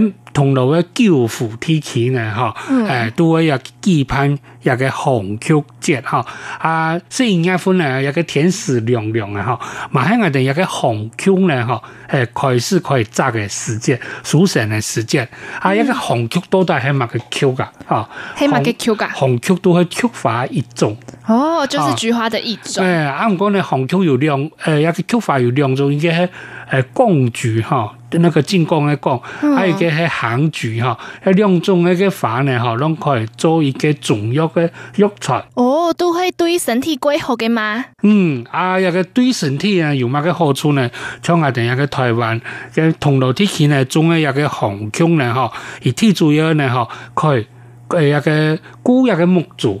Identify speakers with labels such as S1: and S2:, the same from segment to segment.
S1: 咁銅鑼嘅嬌芙天池吼，吓，誒，都會有極品，有個杭菊季，吼。啊，十一月份咧，有個天時涼涼啊，吓，馬上我哋有個杭菊呢吼。誒，開始可以扎嘅時節，熟成嘅時節，啊，一個，兩兩也一個杭菊都係黑馬嘅曲噶，吼，黑馬嘅曲噶，杭菊都係菊花一種，
S2: 哦，就是菊花的一種，誒，
S1: 啊，唔講你杭菊有兩，誒，一個菊花有兩種，應該係誒貢菊，吓。那個尖光一講，還、嗯、有佢喺杭菊嗬，喺兩種一個飯呢嗬，都可以做一個中藥嘅藥材。
S2: 哦，都會對身體改好嘅嗎？
S1: 嗯，啊一個對身體啊有乜嘅好處呢？像我哋一個台灣嘅銅鑼地區咧種嘅一個紅姜呢嗬，而天主要呢嗬，可以誒一個古一個木竹。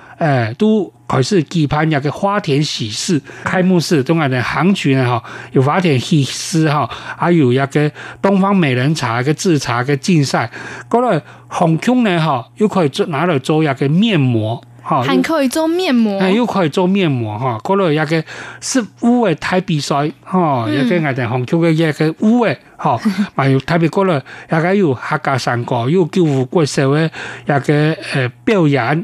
S1: 誒，都開始期盼一個花田喜事開幕式，中海的航展哈，有花田喜事哈，還有一個東方美人茶一個製茶一個競賽，嗰了，杭菊呢哈，又可以做拿來做一個面膜哈，還可
S2: 以做面膜，嗯、又可
S1: 以做面膜哈，嗰個一個是五個台比賽哈，一個外頭杭菊個一個五個哈，有 還有台面嗰個，一個有客家山歌，有歌舞國社個一個呃表演。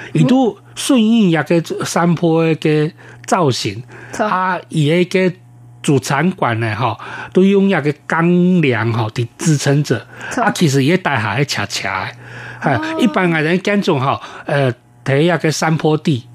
S1: 伊都順應一個山坡嘅造型，它伊個主展館咧吼，都用一個鋼梁吼嚟支撐着、嗯，啊，其實也底下係斜斜嘅，吓、嗯嗯，一般嘅人耕種吼，呃，喺一個山坡地。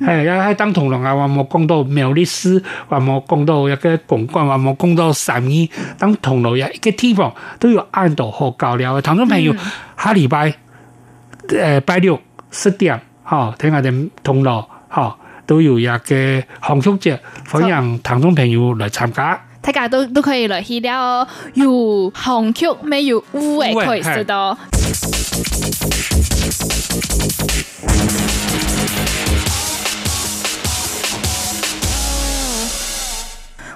S1: 係、嗯，有喺當銅鑼啊！話冇講到苗栗市，話冇講到一個公館，話冇講到三義，當銅鑼嘅一個地方都有按到好搞料。聽眾朋友下禮、嗯、拜，誒、呃、拜六十點，哈、哦、聽下啲銅鑼，哈、哦、都有一個杭菊季，歡迎聽眾朋友嚟參加、嗯。
S2: 大家都都可以嚟去啦，料有杭菊，沒有烏可以色咯。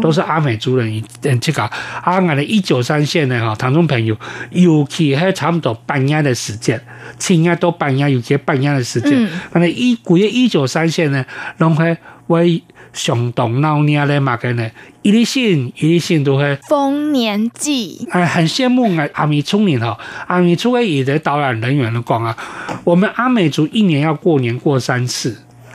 S2: 都是
S1: 阿美族人，嗯、啊，這個阿俺的一九三線的哈，唐中朋友，尤其還差不多半夜的時間，前夜多半夜尤其半夜的時間，但、嗯、係一古月一九三線呢，攏喺為上冬鬧年咧嘛嘅呢，一粒星一粒星都會。豐年祭哎，很羨慕阿阿美族人哈，阿美族嘅有的導覽人員嘅光啊，我們阿美族一年要過年過三次。